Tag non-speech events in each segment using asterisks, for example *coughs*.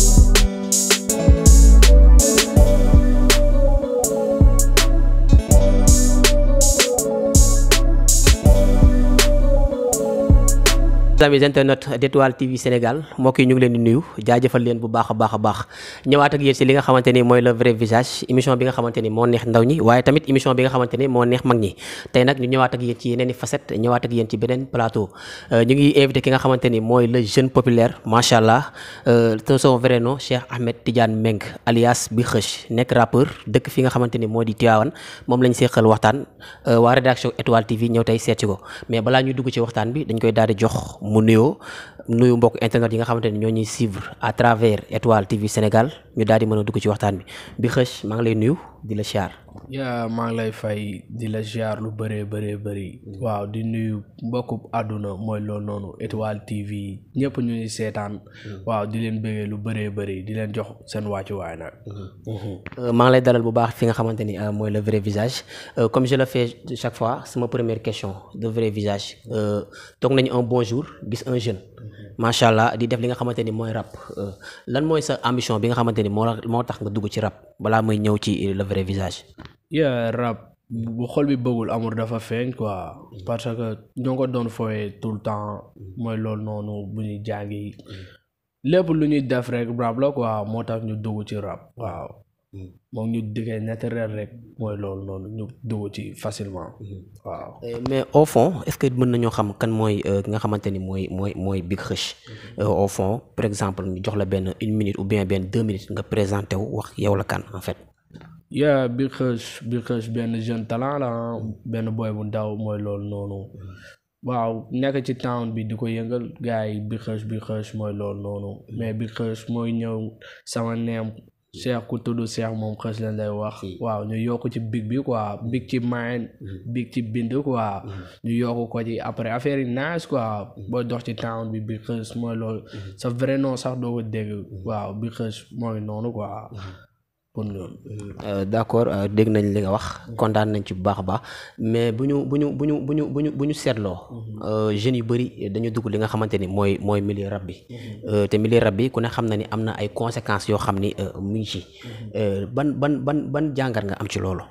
you. amis internet d'Étoile TV Sénégal mbokk yi ñu ngi leen di nuyu jaajëfal leen bu baax a baax a baax ñëwaat ak yéen ci li nga xamante ni mooy la vrai visage émission bi nga xamante ni moo neex ndaw ñi waaye tamit émission bi nga xamante ni moo neex mag ñi tey nag ñu ñëwaat ak yéen ci yeneen i facette ñëwaat ak yéen ci beneen plateau euh, ñu ngi invité ki nga xamante ni mooy le jeune populaire macha allah euh, son vrai nom Cheikh Ahmed Tidiane Meng alias Big Kheuch nekk rappeur dëkk fi nga xamante ni moo di Tivaouane moom lañ seqal waxtaan euh, waa rédaction Étoile TV ñëw tey seet ko mais balaa ñuy dugg ci waxtaan bi dañ koy daal di jox मुनियों nuyu mbokk internet yi nga xamante ne ñoo ñuy suivre à travers Étoile TV Sénégal ñu daal di mën a dugg ci waxtaan bi bi xëcc maa ngi lay nuyu di la ziar. yaa maa ngi lay fay di la ziar lu bëree bëree bëri. waaw di nuyu mbokku àdduna mooy loolu noonu Étoile TV ñëpp ñu ngi seetaan. Mm-hmm. waaw di leen bëggee lu bëree bëri di leen jox seen wàccuwaay nag. Mm-hmm. Mm-hmm. Euh, maa ngi lay dalal bu baax fi nga xamante ni euh, mooy le vrai visage euh, comme je le fais chaque fois sama première question de vrai visage toog nañ un bon jour gis un jeune. macha allah di def li nga xamante ni mooy rap euh, lan mooy sa ambition bi nga xamante ni moo moo tax nga dugg ci rap balaa muy ñëw ci le vrai visage. yeah rap bu xol bi bëggul amul dafa feeñ ko mm. parce que ñoo ko doon fooyee tout le temps mm. mooy loolu noonu bu ñuy jàngi mm. lépp lu ñuy def rek rap la quoi moo tax ñu dugg ci rap waaw. moom ñu diggee naturel rek mooy loolu noonu ñu dugg ci facilement. Mm-hmm. waaw eh, mais au fond est-ce que mën nañoo xam kan mooy euh, nga xamante ni mooy mooy mooy Big rush. Mm-hmm. Euh, au fond par exemple ñu jox la benn une minute ou bien benn deux minutes nga présenté wu wax yow la kan en fait. yaa Big rush Big Rich benn jeune talent la ah. mm-hmm. benn boy bu ndaw mooy loolu noonu. waaw nekk ci town bi di ko yëngal gars yi Big rush Big rush mooy loolu noonu mais Big rush mooy ñëw sama neem. Cheikh ku tudd Cheikh moom xës lañ lay wax waaw ñu yokk ci big bi quoi big ci mind mm-hmm. big ci bind quoi mm-hmm. ñu yokk ko ci après affaire yi nice quoi mm-hmm. boo dox ci town bi big xës mooy loolu sa vrai sax doo ko dégg waaw big xës mooy noonu quoi comme loolu euh, d'accord euh, dégg nañ li nga wax kontaan nañ ci bu baax ba baax mais bu ñu bu ñu bu ñu bu ñu bu ñu bu ñu seetloo euh, jeunes yu bëri dañu dugg li nga xamante ni mooy mooy milieu rab bi te milieu rab bi ku ne xam na ni am na ay conséquences yoo xam ni mu ngi ci ban ban ban ban jàngat nga am ci loolu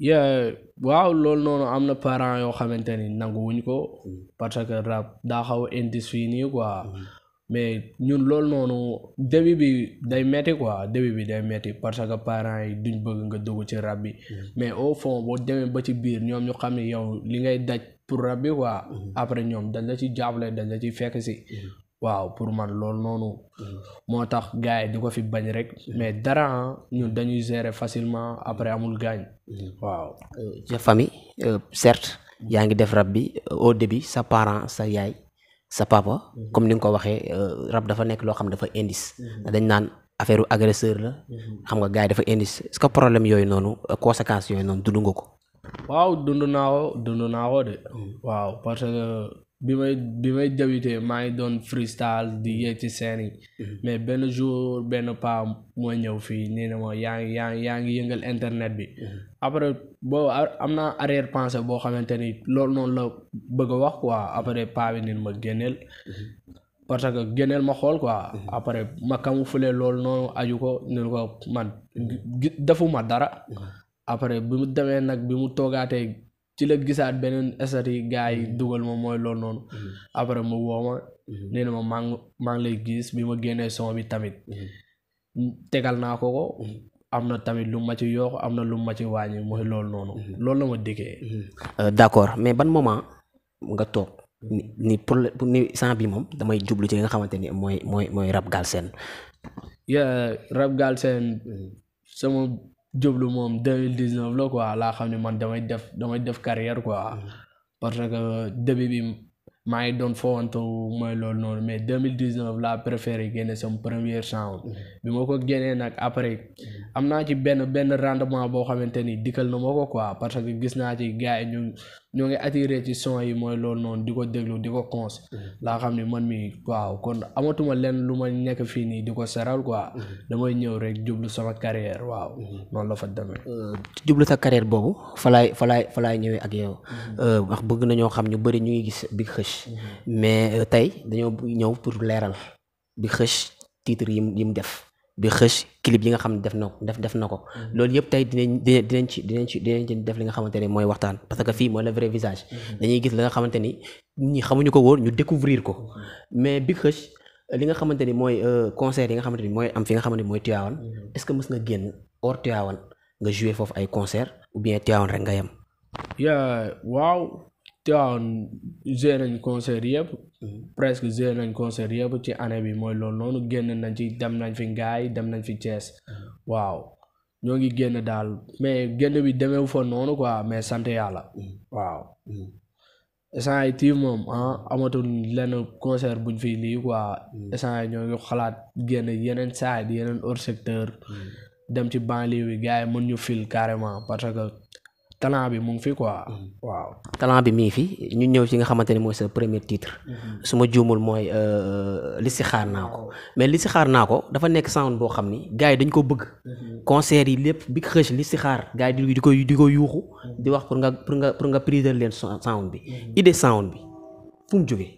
yee waaw loolu noonu am na parents yoo xamante ni nanguwuñ ko parce que rab daa xaw a nii quoi ñun loolu noonu debi bi day metti quoi début bi day metti parce que parents yi duñ bëgg nga dugg ci mm-hmm. mais au fond boo demee ba ci biir ñoom ñu xam ne yow li ngay daj pour rab quoi mm-hmm. après dañ la ci dañ la ci si mm-hmm. waaw pour man loolu noonu moo tax gars mais dara nous hein, dañuy facilement après amul wow waaw euh, famille euh, certes yaa ngi def bi euh, au début sa parent sa yaay sa papa mhm. comme ni nga ko waxee euh, rab dafa nekk loo xam dafa indice mhm. dañ naan affaire agresseur la mhm. xam nga gars dafa indice est-ce que problème yooyu noonu euh, conséquences yooyu noonu dund nga ko waaw dund naa ko dund naa de waaw parce que bi may bi may jawitee maa ngi doon freestyle di yéeg ci seen yi mhm. mais benn jour benn paam moo ñëw fii nee na ma yaa yaa ngi yaa ngi yëngal internet bi mhm. après boo am naa arrière pensée boo xamante ni lool noonu la bëgg a wax quoi après paa bi nit ma génneel mhm. parce que génneel ma xool quoi après ma camoufler loolu noonu aju ko ninu ko man defuma dara après bi mu demee nag bi mu toogaatee ci la gisaat beneen esati gars yi mm-hmm. dugal moom mooy loolu noonu mm-hmm. après mu woo ma mm-hmm. nee ma maa ngi lay gis bi ma génnee son bi tamit tegal naa ko ko am na tamit lu ma ci yokk am na lu ma ci wàññi mooy lool noonu loolu la ma dikkee euh, d'accord mais ban moment nga toog ni pour ni sant bi moom damay jublu ci li nga xamante ni mooy mooy mooy rap galsen ya rap galsen sama jublu moom deux mille dix neuf la quoi laa xam ne man damay def damay def carrière quoi mm. parce que début bi maa ngi doon fowantu mooy loolu noonu mais deux mille dix neuf laa préféré génne sama première sound mm. bi ma ko génnee nag après am naa ci benn benn rendement boo xamante ni dikkal na ma ko quoi parce que gis naa ci gars ñu ñoo ngi attiré ci son yi mooy loolu noonu di ko déglu di ko cons mm-hmm. laa xam ne man mi waaw kon amatuma lenn lu ma nekk fii nii di ko seral ko mm-hmm. damay ñëw rek jublu sama carrière waaw mm-hmm. noonu la fa demee euh, jublu sa carrière boobu falaay falaay falaay ñëwee ak yow euh, wax bëgg nañoo xam ñu bëri ñu ngi gis Big Xeuch mais euh, tey dañoo ñëw pour leeral Big Xeuch titre yi mu def bi xës clip yi nga xam def na def def na ko mm-hmm. loolu yëpp dinañ ci dinañ ci def li parce que fii le vrai visage mm-hmm. dañuy gis la nga xamante ñi xamuñu ko woon ñu découvrir ko mm-hmm. mais bi li nga xamante euh, concert yi nga xamante ni am fi nga est-ce que mës nga génn hors nga jouer foofu ay concert ou bien Tivaouane rek nga yem. waaw joué concert yëpp. presque joué nañ concert yëpp ci année bi mooy loolu noonu génn nañ ci dem nañ fi ngaay dem nañ fi cees waaw ñoo ngi génn daal mais génn bi demeewu fa noonu quoi mais sant yàlla waaw essence yi moom ah, amatul lenn concert buñ fi lii quoi essence ñoo ngi xalaat génn yeneen side yeneen hors secteur dem ci banlieue bi gars yi mën ñu fil carrément parce que talent bi mu ngi fi quoi. Mm-hmm. waaw talent bi mi fi ñu ñew ci nga xamanteni moy sa premier titre. Mm-hmm. suma ma moy euh li si xaar nako ko mais li si xaar nako dafa nek sound bo xamni gaay dañ ko bëgg. Mm-hmm. concert yi lepp bi xëc li si xaar gaay di ko di ko yuxu di wax pour nga pour nga pour nga priser len sound bi. idée sound bi fu mu joggé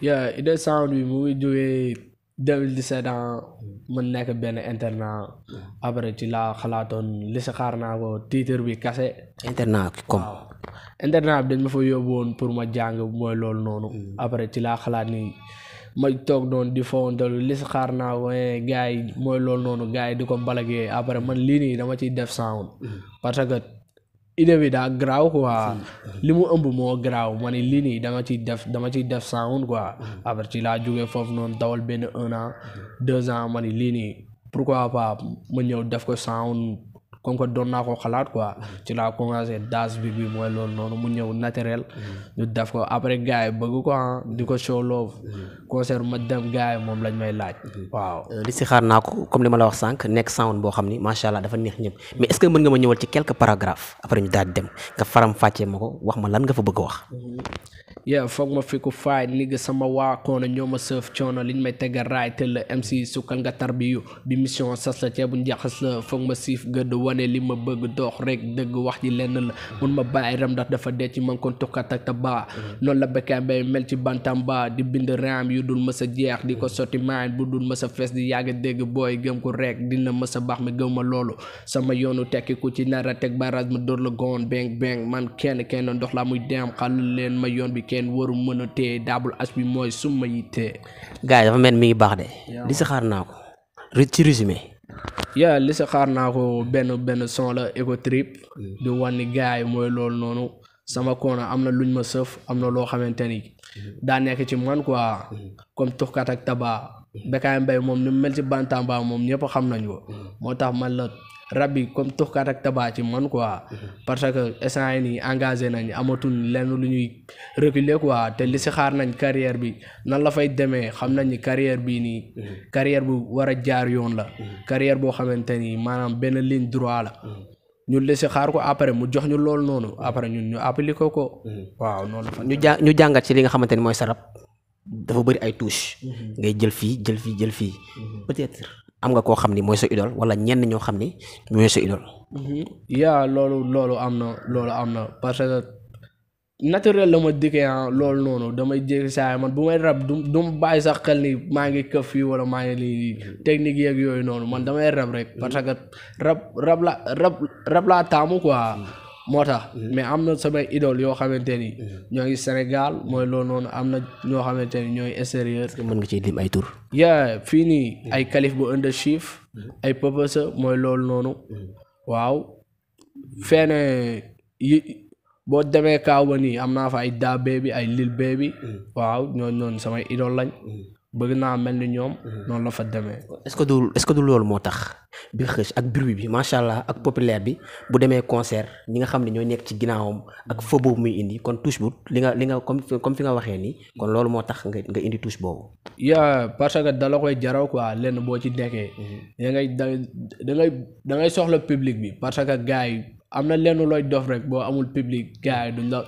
ya idée sound bi mu ngi 2017 ans ma nekk benn internat après ci laa xalaatoon li xaar naa ko titre bi kase. internat comme waaw internat bi dañ ma fa yóbbu woon pour ma jàng mooy loolu noonu. Mm. après ci laa xalaat nii ma toog doon di fowantal li si xaar naa ko eh, gars yi mooy loolu noonu gars yi di ko balagee après man lii nii dama ciy def sound mm. parce que idée bi daa garaaw quoi li mu ëmb moo graaw ma ne lii nii dama ciy def dama ciy def sound quoi hmm. après ci laa jógee foofu noonu tawal benn un an hmm. deux ans ma lii nii pourquoi pas ma ñëw def ko sound comme que doon naa ko xalaat quoi ci laa commencé daas bi bi mooy loolu noonu mu ñëw naturel ñu def ko après gars yi bëgg ko ah di ko show love concert ma dem gars moom lañ may laaj waaw euh, li si naa ko comme li ma la wax sànq nekk sound boo xam ni macha allah dafa neex ñëpp mais est ce que mën nga ma ñëwal ci quelques paragraphes après ñu daal dem nga faram fàccee ma ko wax ma lan nga fa bëgg a wax yeah foog ma fi ku faay nigga sama waa ñoo ma sëf coono liñ may tegal raay tëll MC sukkal nga tarbiyu bi mission sas la ceebu njaxas la foog ma siif gëdd wane li ma bëgg dox rek dëgg wax ji lenn la mun ma bàyyi ram ndax dafa dee ci man kon tukkat ak tabaa noonu la bekkaay mbay mel ci baa di bind raam yu dul mës a jeex di ko sotti maañ bu dul mës a fees di yàgg dégg booy gëm ko rek dina mës a baax mi gëm ma loolu sama yoon tekki ku ci nara kenn waru mën a téye double H bi mooy suma yi téye. gars yi dafa mel mi ngi baax de. li si xaar naa ko ci résumé. yaa li si xaar naa ko benn benn son la Eco Trip. Mm. di wan ni gars yi mooy loolu noonu. sama koona am na luñ ma sëf am na loo xamante ni mm. daa nekk ci man quoi mm. comme tuxkat ak taba Bécaye Mbaye moom ni mu mel ci bantamba moom ñëpp xam nañ ko moo tax man la rab bi comme tuxkaat ak tabaa ci man quoi mhm. parce que instant yi nii engagé nañ amatuñ lenn lu ñuy reculer quoi te li si xaar nañ carrière bi nan la fay demee xam nañ ni carrière bii nii mhm. carrière bu war a jaar yoon la mhm. carrière boo xamante nii maanaam benn ligne droit la ñu lesi xaar ko après mu jox ñu loolu noonu après ñun ñu appliqué ko waaw noonu ñu jàng ñu jàngat ci li nga xamante ni mooy sa rab dafa bëri ay touche ngay jël fii jël fii jël fii peut am nga koo xam ni mooy sa idole wala ñenn ñoo xam ni ñooy sa idole. Mhm. yaa loolu loolu am na loolu am na parce que naturel la ma dikkee ah, loolu noonu damay jékki saa man bu may rab du du mu bàyyi sax xel ni maa ngi këf fii wala maa ngi lii technique yeeg yooyu noonu man damay rab rek parce que rab rab la rab rab laa taamu quoi. moo tax mais am na samay idole yoo xamante ni mm. ñoo ngi Sénégal mooy loolu noonu am na ñoo xamante ni ñooy extérieur. est mën nga ciy lim ay tur. yaa fii nii mm. ay Kalif bu under chief mm. ay Papasa mooy loolu noonu waaw fenn yi boo demee kaaw ba nii am naa fa ay Da bi ay Lil bi waaw ñoo noonu samay idol lañ. bëgg naa mel ni ñoom. Mhm. noonu la fa demee. est-ce que du loolu moo tax bi xëcc ak bruit bi macha allah ak populaire bi bu demee concert ñi nga xam ne ñooy nekk ci ginnaawam ak feu muy indi kon touche bu li nga li nga comme comme fi nga waxee nii kon loolu moo tax nga nga indi touche boobu. yaa parce que dala koy jaraw quoi lenn boo ci nekkee. Mhm. da ngay da ngay da ngay soxla public bi parce que gars yi am na lenn looy dof rek boo amul public gars yi duñ la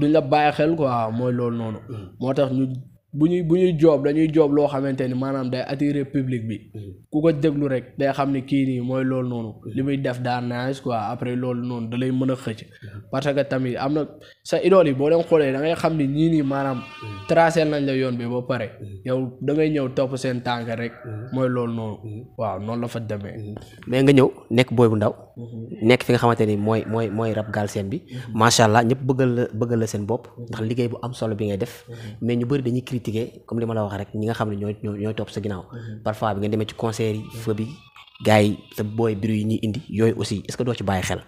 duñ la bàyyi xel quoi mooy loolu noonu. Mhm. bu ñuy bu ñuy joob dañuy joob loo xamante ni maanaam day attirer public bi mm-hmm. ku ko déglu rek day xam ni kii nii mooy loolu noonu mm-hmm. li muy def daa nice quoi après loolu noonu da lay mën a xëcc mm-hmm. parce que tamit am na sa idool yi boo leen xoolee da ngay xam ni ñii nii maanaam tracé nañ la yoon bi ba pare yow da ngay ñëw topp seen tànk rek mooy lool noonu waaw noonu la fa demee. mais nga ñëw nekk booy bu ndaw nekk fi nga xamante ni mooy mooy mooy rap Galsen bi macha allah ñëpp bëggal la bëggal la seen bopp ndax liggéey bu am solo bi ngay def mais ñu critiquer comme li ma la wax rek ñi nga xam ne ñooy topp sa ginnaaw mhm. parfois bi nga demee ci concert yi fa bi gars sa booy biru yi ñuy indi yooyu aussi est-ce que doo ci bàyyi xel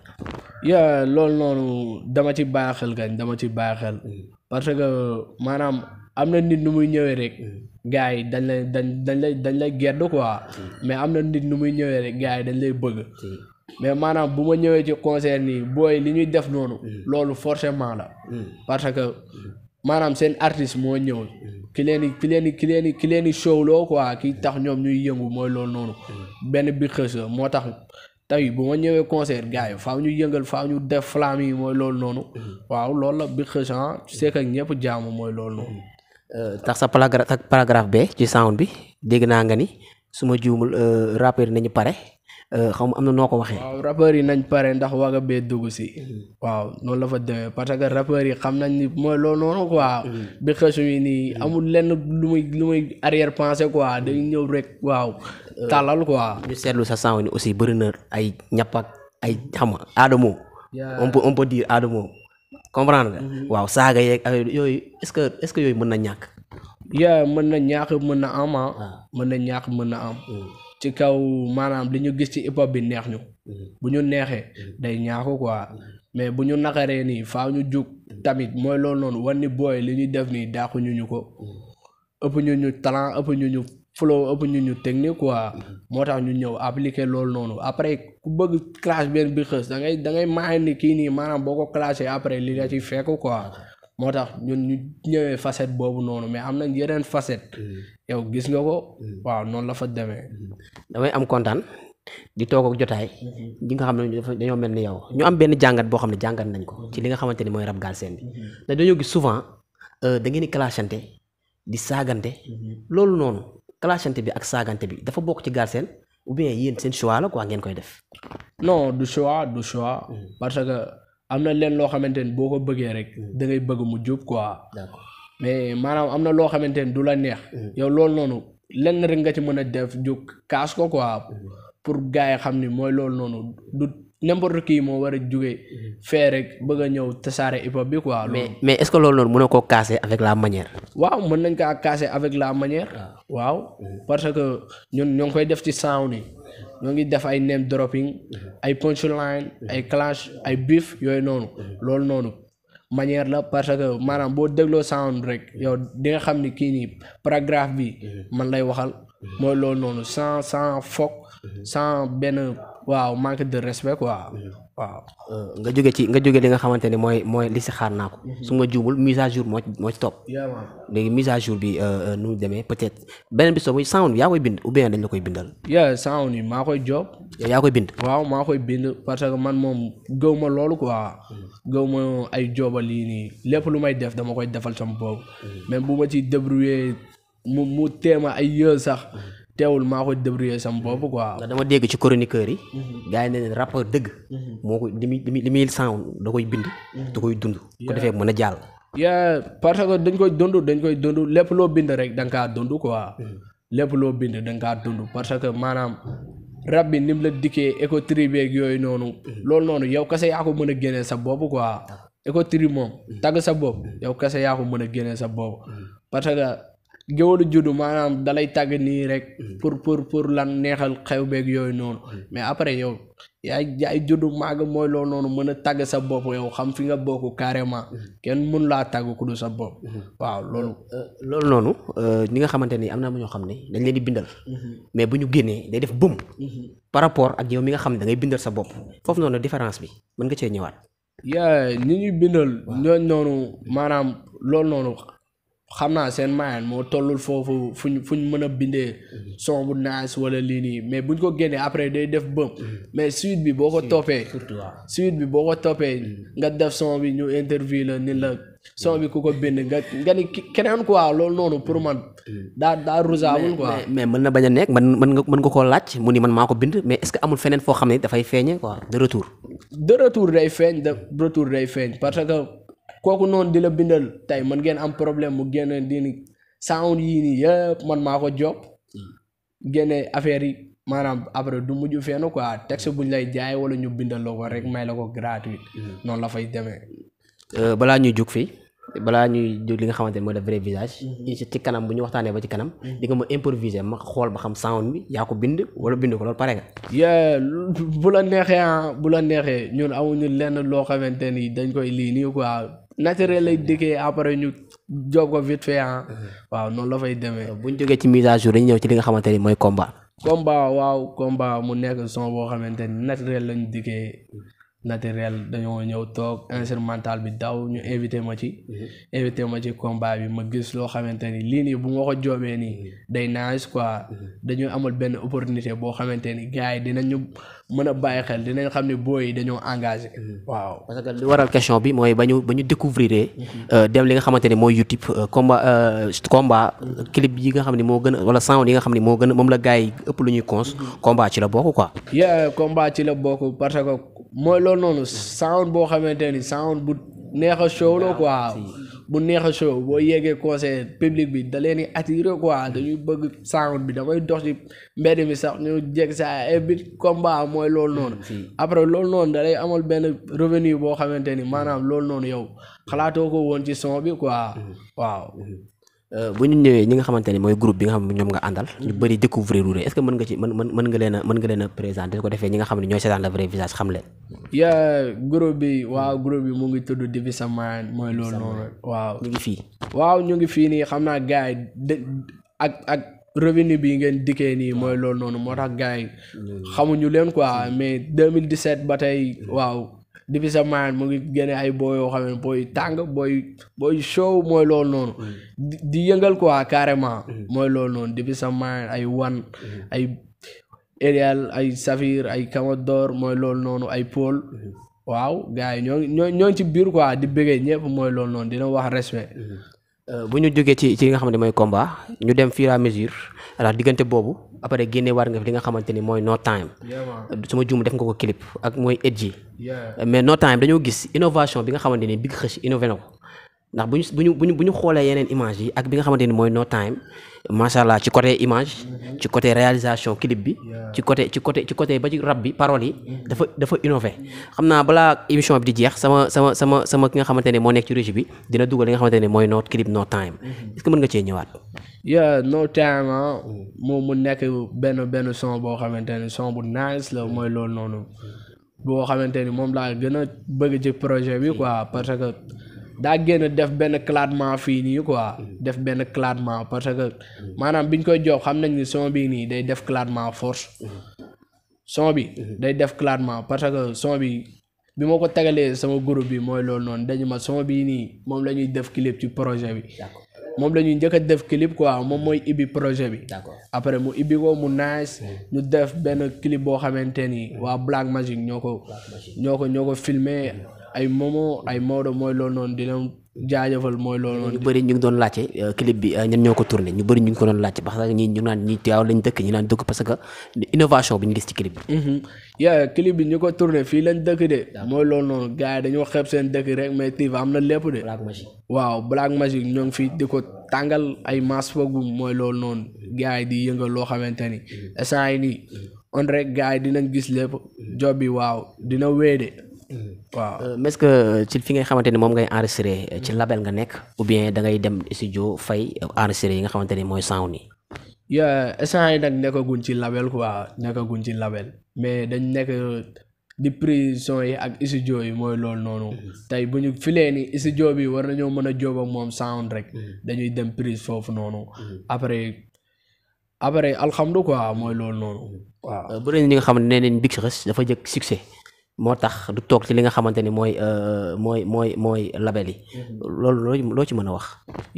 yaa loolu noonu dama ci bàyyi xel gañ dama ci bàyyi xel mhm. parce que maanaam am na nit nu muy ñëwee rek mhm. gars yi dañ lay dañ dañ lay dañ lay gedd quoi mais am na nit nu muy ñëwee rek gars yi dañ lay bëgg mais maanaam bu ma ñëwee ci concert nii booy li ñuy def noonu loolu forcément la maanaam seen artiste moo ñëw ki leen ki leen ki leen ki leen di showloo quoi ki tax ñoom ñuy yëngu mooy loolu noonu mm. benn bi xës moo tax tey bu ma ñëwee concert gars faw faaw ñu yëngal faaw ñu def flamme yi mooy loolu noonu mm. waaw loolu la bi xës ah c'est que ñëpp jaamu mooy loolu noonu. Mm. Euh, tax sa paragraphe paragraphe be ci sound bi dégg naa nga ni su ma juumul euh, rappeur nañu pare Euh, xam ma am na noo ko waxee. waaw yi nañ pare ndax waga bee dugg si. Mm. waaw noonu la fa demee parce que rappeurs yi xam nañ ni mooy loolu noonu quoi. Mm. bi xësu yi nii mm. amul lenn lu muy lu muy arrière pensée quoi dañu ñëw rek waaw. Euh, tàllal quoi. ñu seetlu sa sànq ni aussi bëri na ay ñàpp ay xam Adamo. on peut on peut dire Adamo comprendre mm-hmm. waaw saaga yeeg affaire yooyu est ce que est ce que yooyu mën na ñàkk. yaa mën na ñàkk mën na am ah. ah. mën na ñàkk mën na am. ci kaw maanaam li ñu gis ci hip bi neex ñu mm-hmm. bu ñu neexee mm-hmm. day ñaaxu quoi mm-hmm. mais bu ñu naqaree nii faaw ñu jug tamit mooy loolu noonu wan ni booy li ñuy def nii dàqu ñu ko ëpp ñu ñu talent ëpp ñu ñu flow ëpp ñu ñu technique quoi moo tax ñu ñëw appliquer loolu noonu après ku bëgg clash benn bi xës da ngay da ngay ni kii nii maanaam boo ko clashé après li la ci fekk moo tax ñu ñëwee facette boobu noonu mais am nañ yeneen facette mm. yow gis nga ko mm. waaw noonu la fa demee mm. damay am kontaan di toog ak jotaay mm-hmm. ñi nga xam ne dañoo mel ni yow ñu am benn jàngat boo xam ne jàngat nañ ko ci li nga xamante ni mooy rab galsen bi mm-hmm. da dañoo gis souvent euh, da ngeen di clashante di saagante mm-hmm. loolu noonu clashante bi ak saagante bi dafa bokk ci galsen ou bien yéen seen choix la quoi ngeen koy def non du choix du choix am na leen loo xamante ni boo ko bëggee rek mm. dangay bëgg mu jub quoi mais maanaam am na loo xamante ni du la neex mm. yow loolu noonu lenn rek nga ci mën a def jug kaas ko quoi mm. pour gars yi xam ni mooy loolu noonu du n'importe kii moo war a jóge fee rek bëgg a ñëw tasaare hip hop bi quoi. mais mais est-ce que loolu noonu mën na koo casser avec la manière. waaw mën nañ kaa casser avec la manière. Ah. waaw parce que ñun ñoo ngi koy def ci sound yi ñoo ngi def ay nem dropping mhm. ay punchline mhm. ay clash ay beef yooyu noonu mhm. loolu noonu manière la parce que maanaam boo dégloo sound rek yow di nga xam ni kii nii paragraphe bi man lay waxal mooy loolu noonu sans sans foog sans benn waaw manque de respect quoi waaw euh, nga jóge ci nga jóge li nga xamante ne mooy mooy li si xaar naa ko. Mhm. su ma juumul mise à jour moo moo ci topp. léegi mise à jour bi euh, euh, nu mu demee peut-être beneen bi soo muy sound bi yaa koy bind ou bien dañ la koy bindal. yi maa koy job. yaa koy bind. waaw maa koy bind parce que man moom gëw ma loolu quoi. Mhm. gëw ma ay joobal yii nii lépp lu may def dama koy defal sama bopp. Mhm. même bu ma ci débrouiller mu mu téema ay yël sax. teewul maa ko débrouillé sama bopp mhm. quoi. ndax dama dégg ci chroniqueur yi. Mhm. gars yi ne leen rappeur dëgg. Mhm. moo ko li muy li da koy bind. da koy dund. ko a jàll. yaa que dañ koy dund dañ koy dund lépp loo bind rek da nga kaa dund quoi. lépp loo bind da kaa dund parce que maanaam. rab bi ni mu la dikkee écotrip beeg yooyu noonu loolu noonu yow kese yaa ko mën a génnee sa boobu quoi ah. écotri moom tagg sa bopp yow kase yaa ko mën a génnee sa bopp parce que géwalu judu manam dalay tag nii rek hmm. pour pour pour lan neexal xew beek yoy non hmm. mais après yow yaay jay juddu màgg moy lo non meuna tag sa bop yow xam fi nga bokku carrément hmm. ken mun laa tag ku du sa bop waaw lolu euh, euh, lolu nonu euh, ñi nga xamanteni amna mu ñoo xamni dañ leen di bindal mais buñu ñu day def bëm par rapport ak yow mi nga xam da ngay bindal sa bopp foofu noonu différence bi mën nga cee ñëwaat ya ñi ñuy bindal ñoo nonu manam loolu nonu xam naa seen moyen moo tollul foofu fuñ fuñ mën a bindee mhm. son bu nice wala lii nii mais buñ ko génnee après day def bëm mhm. mais suite bi boo ko toppee suite bi boo ko toppee mhm. nga def son bi ñu interview la ni la son bi ko ko bind nga nga ni keneen quoi loolu noonu pour man daa daa rusaawul ko mais mën na bañ a nekk mën mën nga mën nga koo laaj mu ni man maa ko bind mais est-ce que amul feneen foo xam ne dafay feeñe quoi de retour de retour day feeñ de retour day feeñ parce que kooku noonu di la bindal tey man ngeen am problème mu génne di ni sound yii nii yëpp man maa ko job génne affaire yi maanaam après du mujj fenn quoi texte buñ lay jaay wala ñu bindal la ko rek may la ko gratuit mm. noonu la fay demee. Euh, balaa ñuy jóg fii. balaa ñuy jël li nga xamante ne mooy le vrai visage. Mhm. ci kanam bu ñu waxtaanee ba ci kanam. Mhm. di nga ma improviser ma xool ba xam sound bi yaa ko bind wala bind ko loolu pare nga. yee bu la neexee ah bu la neexee ñun amuñu lenn loo xamante ni dañ koy lii nii quoi naturel ko ah. mhm. waaw noonu la fay demee. bu ñu jógee ci mise à jour dañu ñëw ci li nga xamante ni mooy combat. combat waaw combat mu nekk son boo xamante naturel lañ dikkee naturel dañoo ñëw toog instrumental mhm. bi daw ñu mhm. invité ma ci mhm. invité ma ci combat bi ma gis loo xamante ni lii nii bu ma ko joobee nii day nice quoi dañu amul benn opportunité boo xamante ni gars yi dinañu mën a bàyyi xel dinañ xam ne booy yi dañoo engagé waaw parce que li waral question bi mooy ba ñu ba ñu découvrir euh, dem li nga xamante ne mooy YouTube euh, combat euh, combat clip yi nga xam ne moo gën a wala sound yi nga xam ne moo gën a moom la gars yi ëpp lu ñuy cons combat ci la bokk mooy loolu noonu mm-hmm. sound boo xamante ni sound bu neex a show la quoi bu neex a show boo yeggee concert public bi da leen di attiré quoi dañuy bëgg sound bi damay dox ci mbedd mi sax ñu jeg sa ay bit combat mooy loolu noonu mm-hmm, après loolu noonu da lay amal benn revenu boo xamante ni maanaam loolu noonu yow xalaatoo ko woon ci son bi quoi mm-hmm. waaw Euh, bu ñu ñëwee ñi nga xamante ne mooy groupe bi nga xam ne ñoom nga àndal ñu mm-hmm. bëri découvrir wu est ce que mën nga ci mën nga leen a mën nga leen a présenter ko defee ñi nga xam ne ñooy seetaan la vrai visage xam leen yaa groupe bi waaw groupe bi mu ngi tudd Divisa Mind mooy loolu noonu waaw ñu ngi fii waaw ñu ngi fii nii xam naa gars yi de ak ak revenu bi ngeen dikkee nii mooy loolu noonu moo tax gars yi mm. xamuñu leen quoi mais 2017 ba tey mm. waaw depuis sa maanaam mu ngi génne ay booy yoo xam ne booy tàng booy booy show mooy lool noonu. Mm. di yëngal quoi carrément. Mm. mooy loolu noonu depuis sa maanaam ay wan mm. ay Elial ay Safir ay Kamador mooy loolu noonu ay Paul. waaw gars yi ñoo ñoo ñoo ci biir quoi di bëggee ñëpp mooy loolu noonu dina wax respect. Euh, bu ñu jógee ci ci li nga xamante mooy combat ñu dem fur et à mesure alors diggante boobu après génne war nga fi li nga xamante ni mooy no time su ma jum def nga ko clip ak mooy edji euh, mais no time dañoo gis innovation bi nga xamante ni big xëch innové ndax bu ñu bu ñu bu ñu xoolee yeneen image yi ak bi nga xamante ni mooy no time macha allah ci côté image ci côté réalisation clip bi ci côté ci côté ci côté ba ci rab bi paroles yi dafa dafa innové xam naa balaa émission bi di jeex sama sama sama sama ki nga xamante ne moo nekk ci régie bi dina dugal li nga xamante ne mooy no clip no time est-ce nga cee ñëwaat. yeah no time ah moom mu nekk benn benn son boo xamante ne son bu nice la mooy lool noonu boo xamante ni moom laa gën a projet bi quoi parce que. daa génn def benn classement fii nii quoi mm-hmm. def benn classement parce que mm-hmm. maanaam biñ koy jox xam nañ ni son bii nii day def classement force mm-hmm. son bi day def classement parce que son bi bi ma ko tegalee sama groupe bi mooy loolu noonu dañu ma son bii nii moom lañuy def clip ci projet bi moom la ñuy njëkk def clip quoi moom mooy ibbi projet bi après mu ibbi ko mu nice ñu def benn clip boo xamante ni waa Black Magic ñoo ko ñoo ko ñoo ko filmé ay Momo ay Maodo mooy loolu noonu di leen jaajëfal mooy loolu noonu. ñu bëri ñu doon laajte euh, clip bi euh, ñu bëri ñu ngi parce que ñi ñu naan ñi dëkk ñi naan dëkk ñu gis mm-hmm. dëkk de. mooy loolu noonu gars dañoo xeeb seen dëkk rek mais am na lépp de. waaw Black Magic ñoo fi di ko tàngal ay maas foogum mooy loolu noonu gars di yëngal loo xamante ni mm-hmm. instant yii on rek gars yi gis lépp job bi waaw dina wéede waaw euh, mais ce que euh, ci fi ngay xamante ni moom ngay enregistré euh, ci label nga nekk ou bien dangay dem studio fay enregistré yi nga xamante ni mooy sound yi yaa essence yi nag nekkaguñ ci label quoi nekkaguñ ci label mais dañ nekk di prison yi ak studio yi mooy lool noonu mm-hmm. tey bu ñu filee ni studio bi war nañoo mën a jóob moom sound rek mm-hmm. dañuy dem prise foofu noonu mm-hmm. après après alhamdu quoi mooy loolu noonu waaw bëri na nga xam ne nee nañ Big Xeuss dafa jëkk succès motax du tok ci li nga xamanteni moy, euh moy moy moy label yi loolu lo ci mëna wax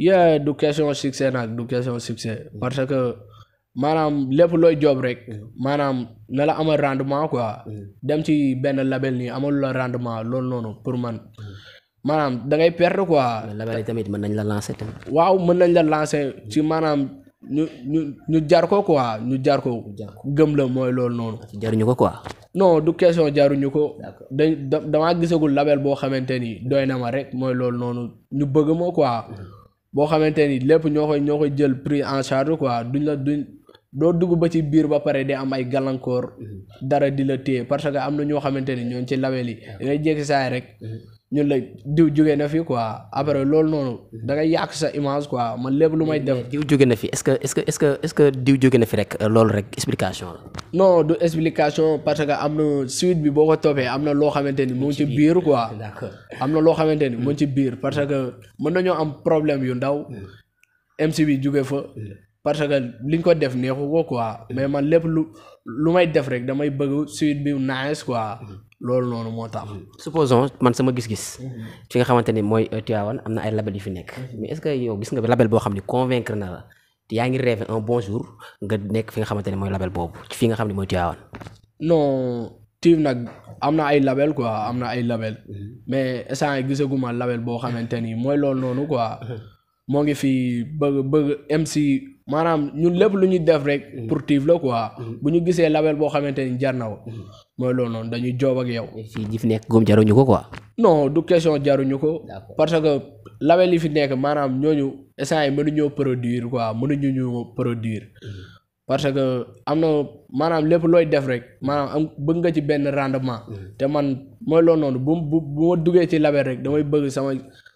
yeah du question succès nak du question succès parce que manam lepp loy job rek manam la la amal rendement quoi dem ci ben label ni, amal la rendement loolu nonu pour man manam da ngay perdre quoi label tamit mën nañ la lancer tamit waaw mën nañ la lancer ci manam ñu ñu ñu jar ko quoi ñu jar ko. gëm la mooy loolu noonu. jaruñu ko quoi. no du question jaruñu ko. da damaa gisagul label boo xamante ni doy na ma rek mooy loolu noonu ñu bëgg ma quoi. boo xamante ni lépp ñoo koy ñoo koy jël pris en charge quoi duñ la duñ doo dugg ba ci biir ba pare di am ay gàllankoor. Mm-hmm. dara di la téye parce que am na ñoo xamante ni ñooñu ci label yi. dangay jékki saay rek. Mm-hmm. ñun la diw jóge na fi quoi après mm. loolu noonu da ngay yàq sa image quoi man lépp lu may def. diw jóge na fi est-ce que est-ce que que est-ce que diw jóge na fi rek euh, loolu rek explication la. non du explication parce que am na suite bi boo ko toppee am na loo xamante ni mu ngi ci biir quoi. d'accord am na loo xamante ni mu ngi biir mm. parce que mën nañoo am problème yu ndaw. MC mm. bi jóge fa. parce que liñ ko def neexu ko quoi mais man lépp lu lu may def rek damay bëgg suite bi nice quoi. loolu noonu moo tax supposons man sama gis-gis. fi nga xamante ni mooy euh, Tivaouane am na ay label yu fi nekk. Mhm. mais est-ce que yow gis nga label boo xam ni convaincre na la te yaa ngi rêvé un bon jour nga nekk fi nga xamante ni mooy label boobu ci fi nga xam ne mooy Tivaouane. non Tiv nag am na ay label quoi am na ay label mhm. mais instant yii gisaguma label boo xamante ni mooy loolu noonu quoi. Mhm. moo ngi fi bëgg bëgg MC maanaam ñun lépp lu ñuy def rek. Mm-hmm. pour Tiv la quoi. Mm-hmm. bu ñu gisee label boo xamante ni jar na ko. Mm-hmm. mooy loolu noonu dañuy joob ak yow. fii fi nekk jaruñu ko quoi. non du question jaruñu ko. parce que label yi fi nekk maanaam ñooñu instant yi mënuñoo produire quoi mënuñu ñu produire. parce que am na maanaam lépp looy def rek maanaam am bëgg nga ci benn rendement. te man mooy noonu bu bu bu ma duggee ci label rek damay bëgg sama.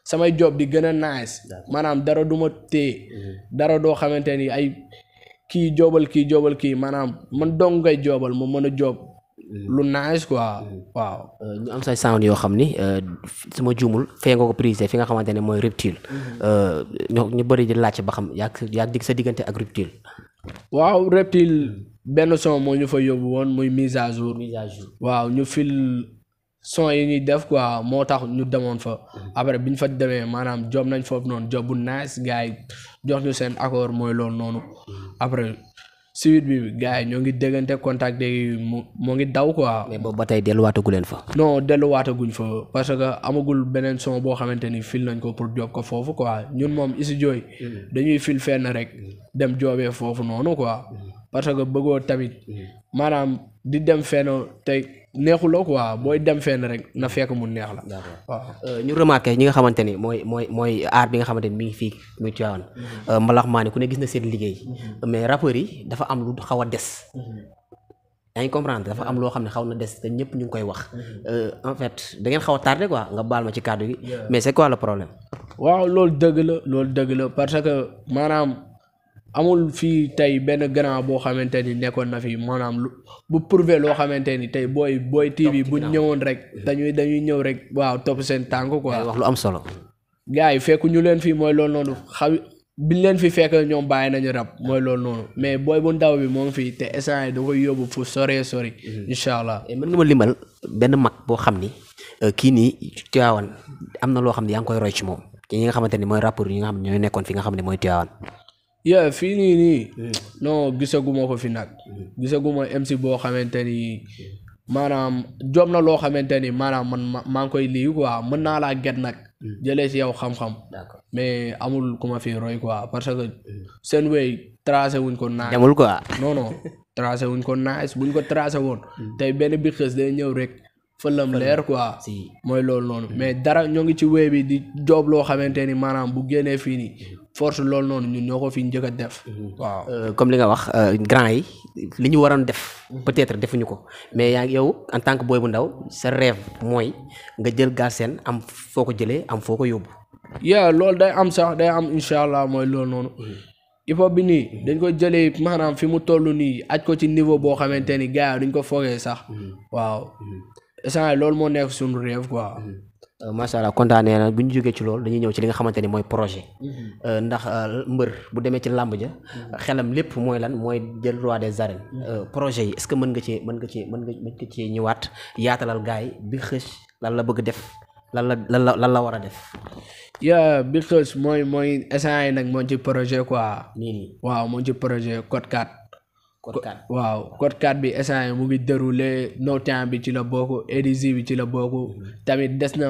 samay joob di gën a nice maanaam dara du ma téye mhm. dara doo xamante ni ay kii joobal kii joobal kii maanaam man dong ngay joobal ma mën a joob mhm. lu nice quoi mhm. waaw. Euh, ñu am sa sound yoo xam ni euh, sama juumul fee nga ko prise fi nga xamante ne mooy Reptyle euh, ñu ñu bëri di laajte ba xam yaa yaa sa diggante ak Reptyle. waaw Reptyle benn son moo ñu fa yóbbu woon muy mise à jour. mise à jour waaw ñu fil. son yi ñuy def quoi moo tax ñu demoon fa mm-hmm. après bi ñu fa demee maanaam job nañ foofu noonu job bu nice gars yi jox ñu seen accord mooy loolu noonu mm-hmm. après suite bi gars yi ñoo ngi déggante contact yi moo ngi daw quoi. mais ba tey delluwaatagu leen fa. non delluwaataguñ fa parce que amagul beneen son boo xamante ni fil nañ ko pour job ko foofu quoi ñun moom studio jooy mm-hmm. dañuy fil na rek dem joobee foofu noonu quoi parce que bëggoo tamit maanaam di dem fenn tey. neexuloo quoi booy dem fenn rek na fekk mu neex la. waaw euh, ñu remarqué ñi nga xamante ni mooy mooy mooy art bi nga xamante ni mi ngi fii muy Tivaouane mhm. euh, mbalax maa ni ku ne gis na seen liggéey mhm. mais rappeurs yi dafa am lu xaw a des. Mhm. yaa ngi comprendre dafa am loo xam ne xaw na des te ñëpp ñu ngi koy wax euh, en fait da ngeen xaw a tardé quoi nga baal ma ci kàddu gi mais c'est quoi le problème. waaw loolu dëgg la loolu dëgg la parce que maanaam. amul fii tey benn grand boo xamante ni nekkoon na fii maanaam lu bu prouvé loo xamante ni tey booy booy TV bu ñëwoon rek dañuy dañuy ñëw rek waaw topp seen tànk quoi. wax lu am solo. gars yi fekk ñu leen fii mooy loolu noonu xaw biñ leen fi fekk ñoom bàyyi nañu rab mooy lool noonu mais booy bu ndaw bi moom fii fi te instant yi da koy yóbbu fu sore sori. Mhm. incha allah. mën nga ma limal benn mag boo xam ni euh, kii nii Tivaouane am na loo xam ne yaa ngi koy roy moom ci nga xamante ne mooy rapport yi nga xam ne ñooy nekkoon fi nga xam ne mooy Tivaouane yeah fii nii nii hmm. non gisaguma ko fi nag hmm. gisaguma MC boo xamante ni hmm. maanaam job na loo xamante ni maanaam man ma maa ngi koy lii quoi mën naa laa get nag jëlee si yow xam-xam mais amul ku ma fi roy quoi parce que seen wéy tracé wuñ ko naaj. demul quoi non non *laughs* wuñ ko naaj buñ ko tracé woon tey benn bi xës day ñëw rek. fëllam leer quoi mooy loolu noonu mm-hmm. mais dara ñoo ngi ci wéy bi di joob loo xamante ni maanaam bu génnee fii nii mm-hmm. force loolu noonu ñun ñoo ko fi njëkk a def mm-hmm. waaw euh, comme li nga wax euh, grand yi li ñu waroon def peut-être defuñu ko mais yaa ngi yow en tant que boy bu ndaw sa rêve mooy nga jël Galsen am foo ko jëlee am foo ko yóbbu yeah loolu day am sax day am incha allah mooy lool noonu hip bi nii dañ ko jëlee maanaam fi mu toll nii aj ko ci niveau boo xamante ni gars yi ko foogee sax saa loolu moo nekk suñu rêve quoi. Mm-hmm. Euh, macha allah kontaanee na bu ñu jógee ci loolu dañuy ñëw ci li nga xamante ni mooy projet. Mm-hmm. Euh, ndax euh, mbër bu demee ci làmb ja. Mm-hmm. xelam lépp mooy lan mooy jël roi des arènes. projet yi est-ce que mën nga cee mën nga cee mën nga cee ñëwaat yaatalal gaay bi xës lan la bëgg def lan la lan la lan la war a def. yaa bi xës mooy mooy instant nag moo ci projet quoi. nii nii waaw moo ci projet code code 4 waaw code 4 bi instant mu ngi déroulé notin bi ci la bokk ADG bi ci la bokk mhm. tamit des na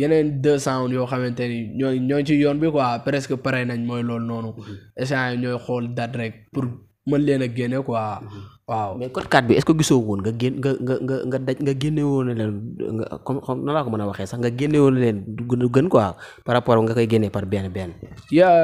yeneen deux sound yoo xamante ni ñooy ñooy ci yoon bi quoi presque pare nañ mooy loolu noonu mhm. instant ñooy xool date rek pour mën leen a génne quoi. Mhm. waaw mais code 4 bi est-ce que gisoo woon nga génn nga nga nga nga daj nga génne woon leen nga comme comme laa ko mën a waxee sax nga génne leen du gën quoi par rapport nga koy génnee par benn benn. yaa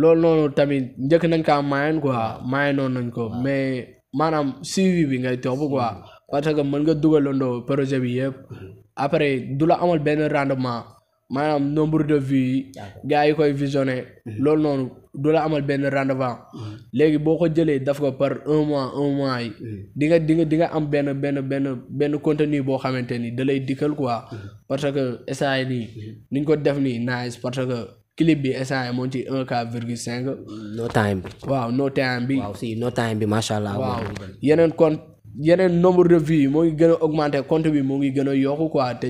loolu noonu tamit njëkk nañ kaa mayen quoi mayen noonu nañ ko mais maanaam suivi bi ngay topp quoi mm-hmm. parce que mën nga dugalandoo projet bi yëpp mm-hmm. après du la amal benn rendement. maanaam nombre de vues yi gars yi koy visionné mhm. loolu noonu du la amal benn rendement mhm. léegi boo ko jëlee daf ko par un mois un mois yi mhm. di nga di nga di am benn benn benn benn contenu boo xamante ni da lay dikkal quoi parce que essai nii nuñ ko def nii nice parce que clip bi essai moom ci un cas virgule cinq no time bi waaw no time bi waaw si no time bi macha allah waaw yeneen compte yeneen nombre de vues yi moo ngi gën a augmenté compte bi moo ngi gën a yokku quoi te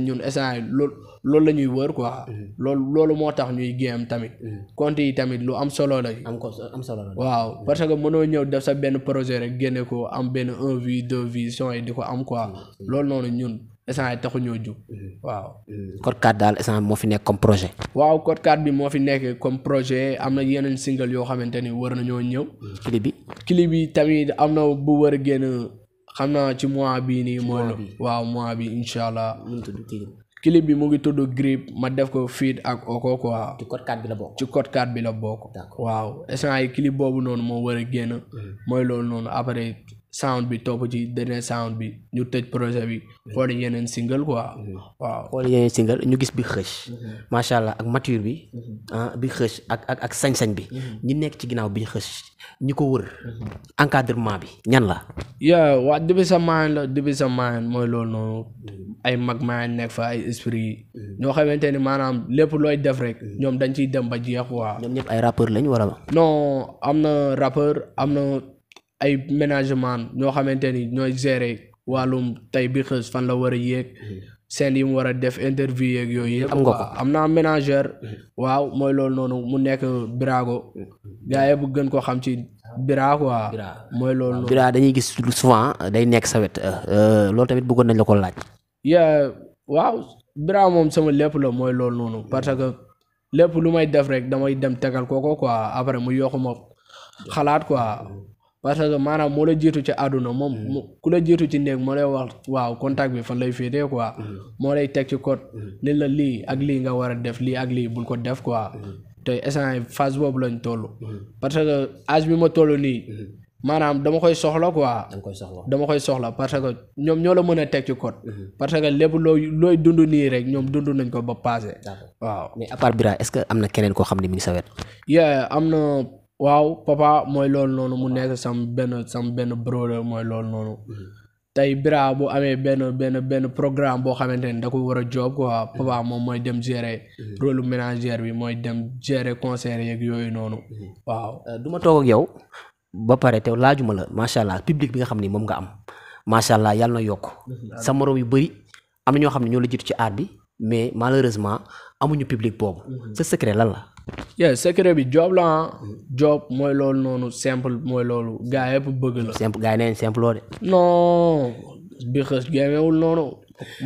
loolu la ñuy wër quoi. Mm-hmm. loolu loolu moo tax ñuy géem tamit. Mm-hmm. compte yi tamit lu am solo la. am ko solo la mm-hmm. parce que mënoo ñëw def sa benn projet rek génne ko am benn un vue deux vues son yi di ko am quoi loolu noonu ñun. essence taxu ñoo jub waaw. code 4 daal essence moo fi nekk comme projet. waaw code 4 bi moo fi nekk comme projet am na yeneen single yoo xamante ni war nañoo ñëw. clip bi clip bi tamit am na bu war a génn. xam naa ci mois bii nii. mois bii waaw mois bi incha allah. clip bi mu ngi tudd Grip ma def ko feed ak oko quoi. ci code 4 bi la bokk. ci code 4 waaw instant yi clip boobu noonu moo war a génn. Mm. mooy loolu noonu après sound bi topp ci dernier sound bi ñu tëj projet bi xool yeneen single quoi waaw xool yeneen single ñu gis bi xëcc macha allah ak mature bi ah, bi xëcc ak ak ak sañ-sañ bi ñu nekk ci ginnaaw bi xëcc ñu ko wër encadrement bi ñan la yaa waa dibi sa maan la dibi sa maan mooy loolu noonu ay mag maan nekk fa ay esprit yi ñoo xamante ni maanaam lépp looy def rek ñoom dañ ciy dem ba jeex quoi ñoom ñëpp ay rappeur lañ wala non am na rappeur am na ay ménagement ñoo xamante ni ñooy gérer wàllum tey bi xëss fan la war a yéeg seen yi mu war a def interview yeeg yooyu yëpp am nga am naa ménageur waaw mooy loolu noonu mu nekk Birago gaa yëpp gën ko xam ci Bira quoi mooy loolu Bira dañuy gis souvent day nekk sa wet loolu tamit bëggoon nañ la ko laaj yeah waaw Bira moom sama lépp la mooy loolu noonu parce que lépp lu may def rek damay dem tegal kooko quoi après mu yokku ma xalaat quoi parce que maanaam moo la jiitu ci àdduna moom mm. ku la jiitu ci néeg moo lay wax waaw contact bi fan lay féetee ko mm. moo lay teg ci code li mm. la lii ak lii nga war a def lii ak lii bul ko def quoi te instant phase boobu lañ toll parce que âge bi ma toll nii maanaam dama koy soxla quoi dama koy soxla parce que ñoom ñoo la mën a teg ci code parce que lépp looy looy dund nii rek ñoom dund nañ ko ba passé waaw mais à part est-ce que am na keneen koo xam ne mi ngi waaw papa mooy loolu noonu mu nekk sam benn sam benn brother mooy loolu noonu tey Bira bu amee benn benn benn programme boo xamante ni da ko war a job quoi papa moom mooy dem gérer rôle ménagère bi mooy dem gérer concert yeeg yooyu noonu waaw. Euh, du ma toog yow ba pare te laajuma la macha allah public bi nga xam ni moom nga am macha allah yàlla na yokk sa morom yu bëri am na ñoo xam ne ñoo la jiitu ci aat bi mais malheureusement amuñu public boobu mhm. sa secret lan la. yes secret bi job la ah. job mooy loolu noonu simple mooy loolu gaa yëpp bëgg la. simple gaa yi simple loo de. non bi xës génnewul noonu.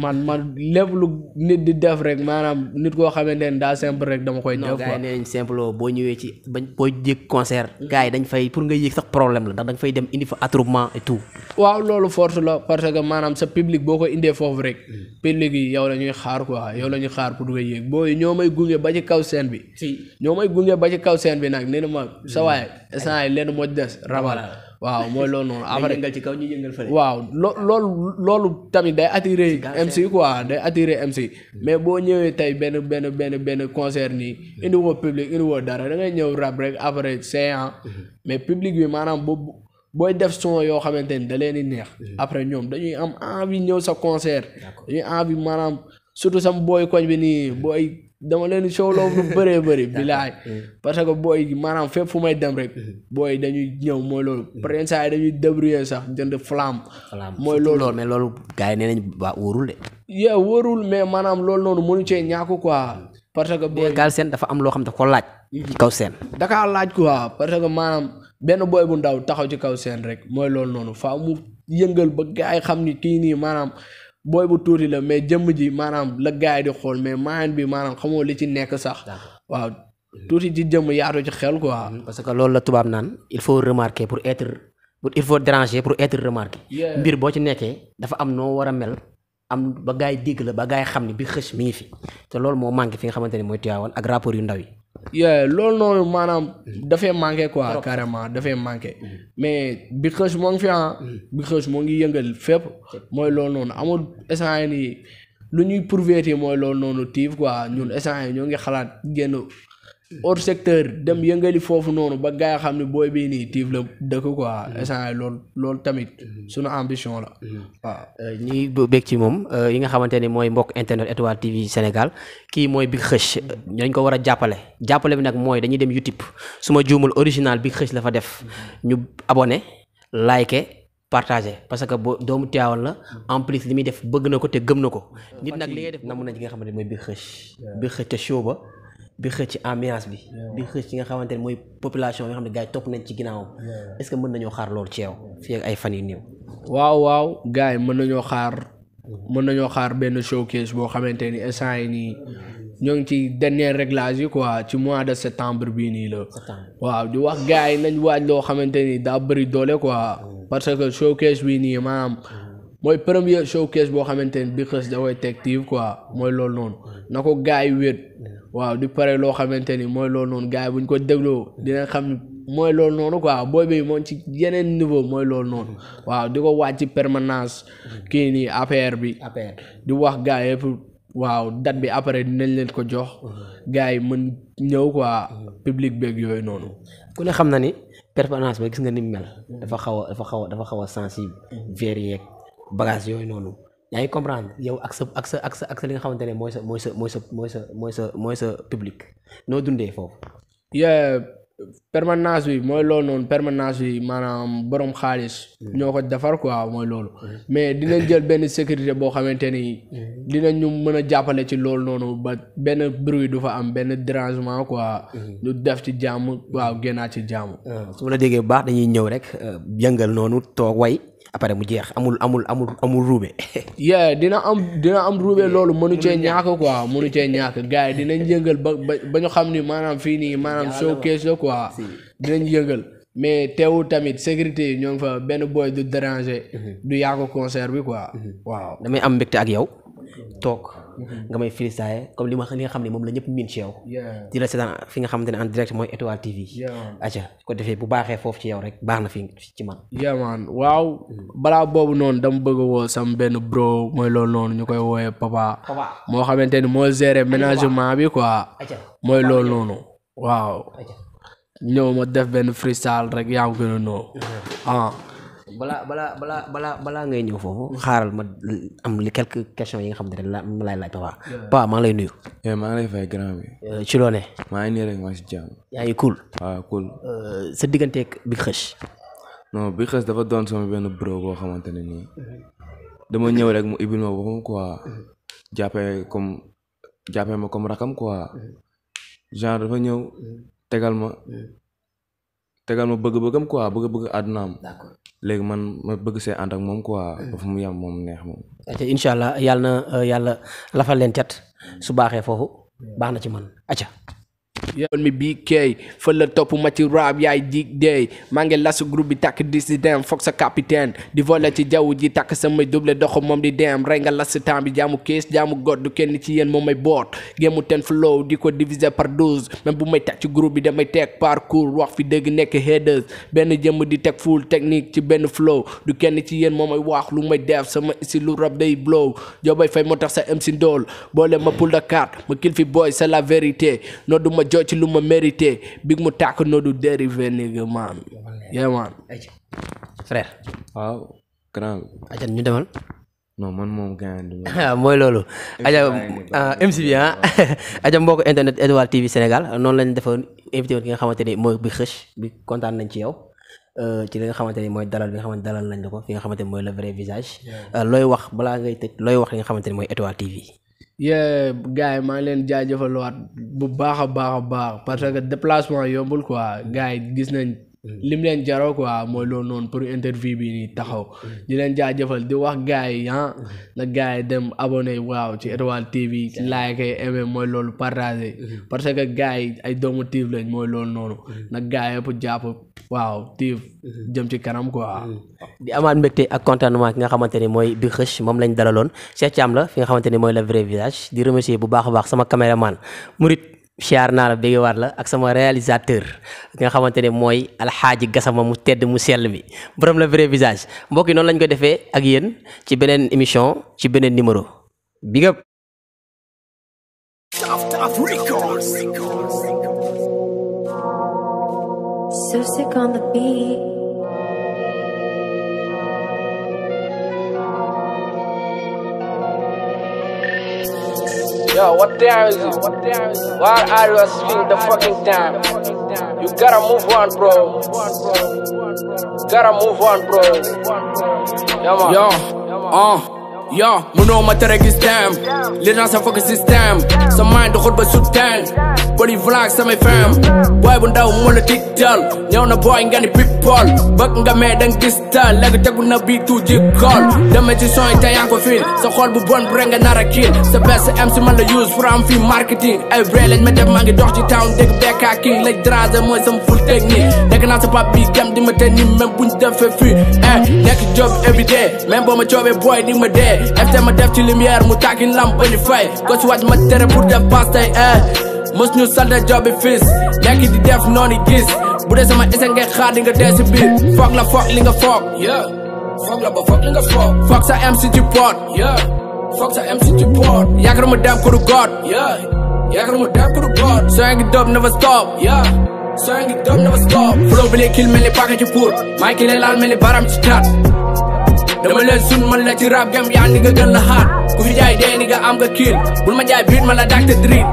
man man lépp lu nit di def rek maanaam nit koo xamante ne daa simple rek dama koy. def quoi non semplo boo ñëwee ci bañ boo jëg concert. gars yi dañ fay pour nga yéeg sax problème la ndax danga fay dem indi fa attroupement et tout. waaw loolu force la parce que maanaam sa public boo ko indee foofu rek. Mm. public yi yow la ñuy xaar ko yow la ñuy xaar pour nga yéeg ñoo may gunge ba ci kaw scène bi. si ñoo may gunge ba ci kaw scène bi nag nee na ma sa mm. waay instant moo des rabal. waaw mooy loolu noonu. après yëngal ci kaw ñu yëngal fële waaw loo loolu loolu tamit day attirer MC quoi day attirer MC hmm. mais boo ñëwee tey benn benn benn benn concert nii hmm. indi woo public indi woo dara da ngay ñëw rab rek après séant hmm. mais public bi maanaam boobu booy def son yoo xamante ni da leen di neex après ñoom dañuy am envie ñëw sa concert dañuy envie maanaam surtout sam booy koñ bi nii booy dama leen show loof lu bëree bëri *laughs* bilaay mm. parce que booy maanaam fépp fu may dem rek mm. booy dañuy ñëw mooy loolu mm. pren saa yi dañuy débrouiller sax jënd flamme mooy loolu mais loolu gars yi nee nañ ba wóorul de yee wóorul mais maanaam loolu noonu mënu cee ñàkk quoi parce que booy gaal seen dafa am loo xam ne ko laaj mm-hmm. ci kaw seen dakaa laaj quoi parce que maanaam benn booy bu ndaw taxaw ci kaw seen rek mooy loolu noonu faa mu yëngal ba gars yi xam ni kii nii maanaam booy bu tuuti la mais jëmm ji maanaam la gaay di xool mais moyen bi maanaam xamoo li ci nekk sax. waaw tuuti di jëm yaatu ci xel quoi. Mm-hmm. parce que loolu la tubaab naan il faut remarquer pour être pour il faut déranger pour être remarqué. mbir boo ci nekkee dafa am noo war a mel. am ba gaay dégg la ba gaay xam ne bi xës mi ngi fi te loolu moo manqué fi nga xamante ne mooy Tivaouane ak rapport yu ndaw yi. yeah loolu noonu maanaam mm-hmm. dafay manqué quoi carrément dafay manqué mm-hmm. mais bi Xeuss moo ngi fi ah mm-hmm. Big Xeuss moo ngi yëngal fépp mooy loolu noonu amul instant yi nii lu ñuy prouver mooy loolu noonu tiif quoi ñun instant yi ñoo ngi xalaat génn hors secteur dem yëngali foofu noonu ba gaa yi xam ne booy bii nii tiif la dëkk quoi mm-hmm. instant loolu loolu tamit mm-hmm. suñu ambition la mm-hmm. waaw. Euh, ñi bëgg ci moom euh, yi nga xamante ni mooy mbokk internet étoile TV Sénégal kii mooy Big Xeuch dañ ko war a jàppale jàppale bi nag mooy dañuy dem YouTube su ma juumul original Big Xeuch la fa def ñu abone like partagé parce que boo doomu teewoon la en plus li muy def bëgg na ko te gëm na ko nit nag li ngay def namm na ci nga xamante ni mooy Big Xeuch Big Xeuch ba bi xëcc ambiance bi bi xëcc nga xamante ne mooy population yoo xam ne gars yi topp nañ ci ginnaawam est que mën nañoo xaar loolu ci yow fii ak ay fan yu néew waaw waaw gars yi mën nañoo xaar mën nañoo xaar benn showcase boo xamante ni instant yi nii ñoo ngi ci dernier réglage yi quoi ci mois de septembre bii nii la waaw di wax gars yi nañ waaj loo xamante ni daa bëri doole quoi mm. parce que showcase bii nii maanaam mooy premier showcase boo xamante ni bi xës da koy teg quoi mooy lool noonu na ko gars wéet waaw di pare loo xamante ni mooy loolu noonu gars yi bu ñu ko dégloo dina xam mooy loolu noonu quoi booy bi moom ci yeneen niveau mooy loolu noonu waaw di ko wàcc ci permanence kii nii APR bi di wax gars yëpp waaw dat bi après dinañ leen ko jox gars yi mën ñëw quoi public beeg yooyu noonu ku ne xam na ni permanence ba gis nga ni mel dafa xaw a dafa xaw a dafa xaw a sensible varié bagage yooyu noonu yaa ngi comprendre yow ak sa ak sa ak sa ak li nga xamante ne mooy sa mooy sa mooy sa mooy sa mooy sa mooy sa public noo dundee foofu. yeah permanence bi mooy loolu noonu permanence bi maanaam borom xaalis. Hmm. ñoo ko defar quoi mooy loolu. Hmm. mais dinañ *coughs* jël benn sécurité boo xamante ni. Hmm. dinañ ñu mën a jàppale ci loolu noonu ba benn bruit du fa am benn drangement quoi. ñu def ci jàmm waaw génnaat ci jàmm. Ah, su ma la déggee baax dañuy ñëw rek euh, yëngal noonu toog way. après mu jeex amul amul amul amul ruube. *laughs* yeah dina am dina am ruube loolu mënu cee ñàkk quoi mënu cee ñaak gars yi dinañ yëngal ba ba ñu xam ni maanaam fii nii maanaam showcase la quoi dinañ yëngal mais teewul tamit sécurité yi ñoo ngi fa benn boy du déranger. Mhm. du yàq concert bi quoi. Mhm. waaw damay am mbégte ak yow toog. Mm-hmm. nga may freestyle comme li ma li nga xam ne moom la ñëpp miin ci yow di la seetaan fi nga xamante ne mooy Étoile TV aca ko defee bu baaxee foofu ci yow rek baax na fi ci man waaw mm-hmm. balaa boobu noonu dama bëgg a woo sam benn bro mooy loolu noonu ñu koy woowee papa moo xamante ni moo gérer ménagement bi quoi mooy loolu noonu waaw ñëw ma def benn freestyle rek yaa ngi gën a noo balaa balaa balaa balaa balaa ngay ñëw foofu xaaral ma am li quelques questions yi nga xam ne la ma lay laaj papa. papa maa ngi lay nuyu. maa ngi lay fay grand bi. Euh, ci loo ne. maa ngi nii rek maa ngi si jàmm. yaa ngi cool. waaw cool. Euh, sa digganteeg Big Xeuch. non Big Xeuch dafa doon sama benn bro boo xamante ne nii. Mm-hmm. dama ñëw rek mu ibil ma boppam quoi. Mm-hmm. jàppee comme jàppee ma comme rakam quoi. Mm-hmm. genre dafa ñëw tegal ma. tegal ma bëgg-bëggam quoi bëgg-bëgg àddunaam. d'accord léegi man ma bëgg see ànd ak moom quoi. Mm. fu mu yem moom neex moom. acca incha allah yàlla na yàlla lafal leen cat su baaxee foofu baax na ci man acca. yoon mi bii kay fa la topp ma ci raab yaay ji deey maa ngi las group bi takk dissident foog sa capitaine di voler ci jaww ji takk samay double doxu moom di dem rey nga las temps bi jaamu kees jaamu god du kenn ci yéen moom may boot géemu ten flow di ko diviser par douze même bu may tàcc ci group bi damay teg parcours wax fi dëgg nekk headers benn jëmm di teg full technique ci benn flow du kenn ci yéen moom may wax lu may def sama si lu rab day blow jobay fay moo tax sa MC Ndol boole ma poul de carte ma kil fi la vérité ci lu ma mérité big mu tàkk noodu dérivé nigga man yeah man frère waaw grand aca ñu demal non man moom gàncax *laughs* ah, mooy loolu. aja ah, MC bi ah *laughs* internet Étoile TV Sénégal noonu lañ defoon invité woon ki nga xamante ni mooy bi xëch bi kontaan nañ ci yow euh, ci li nga xamante ni mooy dalal bi nga xamante dalal nañ la ko fi nga xamante mooy le vrai visage euh, looy wax balaa ngay tëj looy wax li nga xamante ni mooy Étoile TV. yée gars yi maa ngi leen jaajëfal waat bu baax a baax a baax parce que déplacement yombul quoi gars yi gis nañ Mm. lim leen jaroo quoi mooy loolu noonu pour interview bi nii taxaw mm. di leen jëfal di wax gars yi ah mm. na gars yi dem abonné waaw ci Étoile TV like aimé mooy loolu partagé parce que gars yi ay doomu Tiv lañ mooy loolu noonu na gars yëpp jàpp waaw Tiv jëm ci kanam quoi. di amaat mbégte ak contentement ki nga xamante ni mooy Big Xeuch moom lañ dalaloon Cheikh am la fi nga xamante ni mooy la vrai village di remercier bu baax a baax sama caméraman Murit siar naa la bégge war la ak sama réalisateur nga xamante ne al alxaaji gasama mu tedd mu sell mi borom le vrai visage mbokk yi noonu lañ ko defee ak yéen ci beneen émission ci beneen numéro big up So sick on the beat Yo, what time is it? Why are you asking the fucking time? You gotta move on, bro. Gotta move on, bro. Yo, uh. يا منو ما ترى قدام للناس فوق السيستم سمعين دخول بالسودان بودي فلاك سامي فام واي بنداو مولا تيتال نيونا بوي نغاني بيك بول باك نغا ميدان كيستال لاغا تاكو نبي تو جي كول دما جي سوي تايان كو فيل سا خول بو بون برنغا نارا كيل سا بس ام سي مالا يوز فرام في ماركتينغ اي بريلج ما دب مانغي دوخ جي تاون ديك بيكا كينغ لاج درازا موي سام فول تكنيك داك ناس بابي جام دي ما تاني ميم بو ندا في في اي نيك جوب افري داي ميم بو ما جوب بوي دي ما داي after my death, def ci lumière mu tàkki lamp ñu fay ko ci waaj ma tere pour def passe tey mës ñu sant jobi fils nekk di def noonu gis bu dee sama ese ngay xaar di nga dee si biir foog la Fuck li nga foog fuck. la ba foog li nga sa MC ci pot Fuck sa MC to port. yaakaar mu dem ko du god yaakaar mu dem ko du god soo ngi er dóob never stop So I get dóob never stop flow bi lay kill mel ni paaka ci puur maa ngi lay me, mel ni baram ci dama leen sun man la ci rap game yaa ni nga gën la xaat ku fi jaay dee ni nga am nga kiil bul ma jaay biit ma la dàgte driit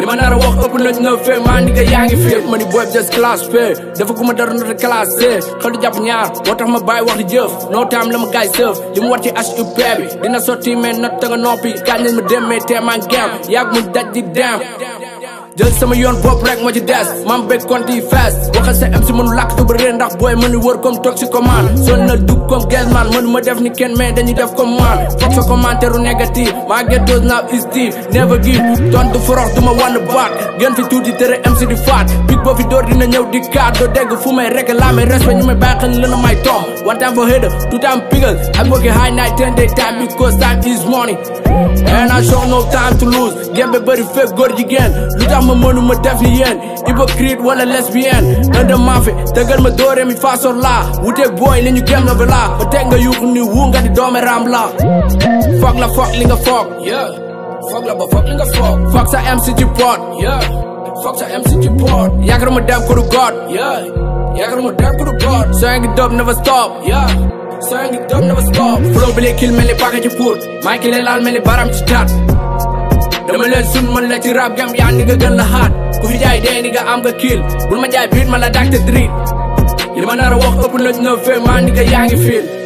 li ma nar a wax ëpp nañ na fee maa ni nga yaa ngi fee ma ni booy des classe fee dafa gu ma dara nota classe C xel du jàpp ñaar the tax No time wax di jëf noo taam la ma gaay sëf li mu war ci HUP bi dina sotti mais notta nga noppi gaañ leen ma dem my teemaan Yeah, I'm daj di dem jël sama yoon bopp rek moo ci des mam bég konti yi fees waxal sa MC mënu làkk du bëre ndax booy mënu wër comme toxicomane son na dugg comme Gelsman mënu ma def ni kenn mais dañuy def comme man foog sa commentaire négatif maa get those now is deep never give tontu forox du ma wann baat gën fi tuuti tere MC di faat big boo fi door dina ñëw di the doo dégg fu may rek laa may respect ñu may bàyyi xel lëna may tom one time for hater two time pigal I'm working high night ten day time because time is money and I show no time to lose Gembe bëri fekk góor jigéen lu tax ma mënu ma def ni yéen hypocrite wala lesbienne ënda maafe tëgal ma dóore my faasor laa wuteeg booy li boy? Then you velaa ba teg But then ni you nga di got the laa foog la Fuck li fuck linga, fuck. Yeah. Fuck foog fuck linga, fuck. Fuck sa MC ci Yeah. Fuck sa MC ci pot yaakaar my dem ko du god yaakaar ma dem ko du god I get up, never stop Søren gikk dømt over Flow blir kill, men put pakker ikke fort Michael er lal, men jeg bare har ikke tatt Dama leen sun man la ci rap gam a nigga gën la xaat Ku fi jaay dee nigga am nga kill Bul ma jaay biit ma te dakte drit Li ma nar a wax ëpp na 9 fee my nigga yaa feel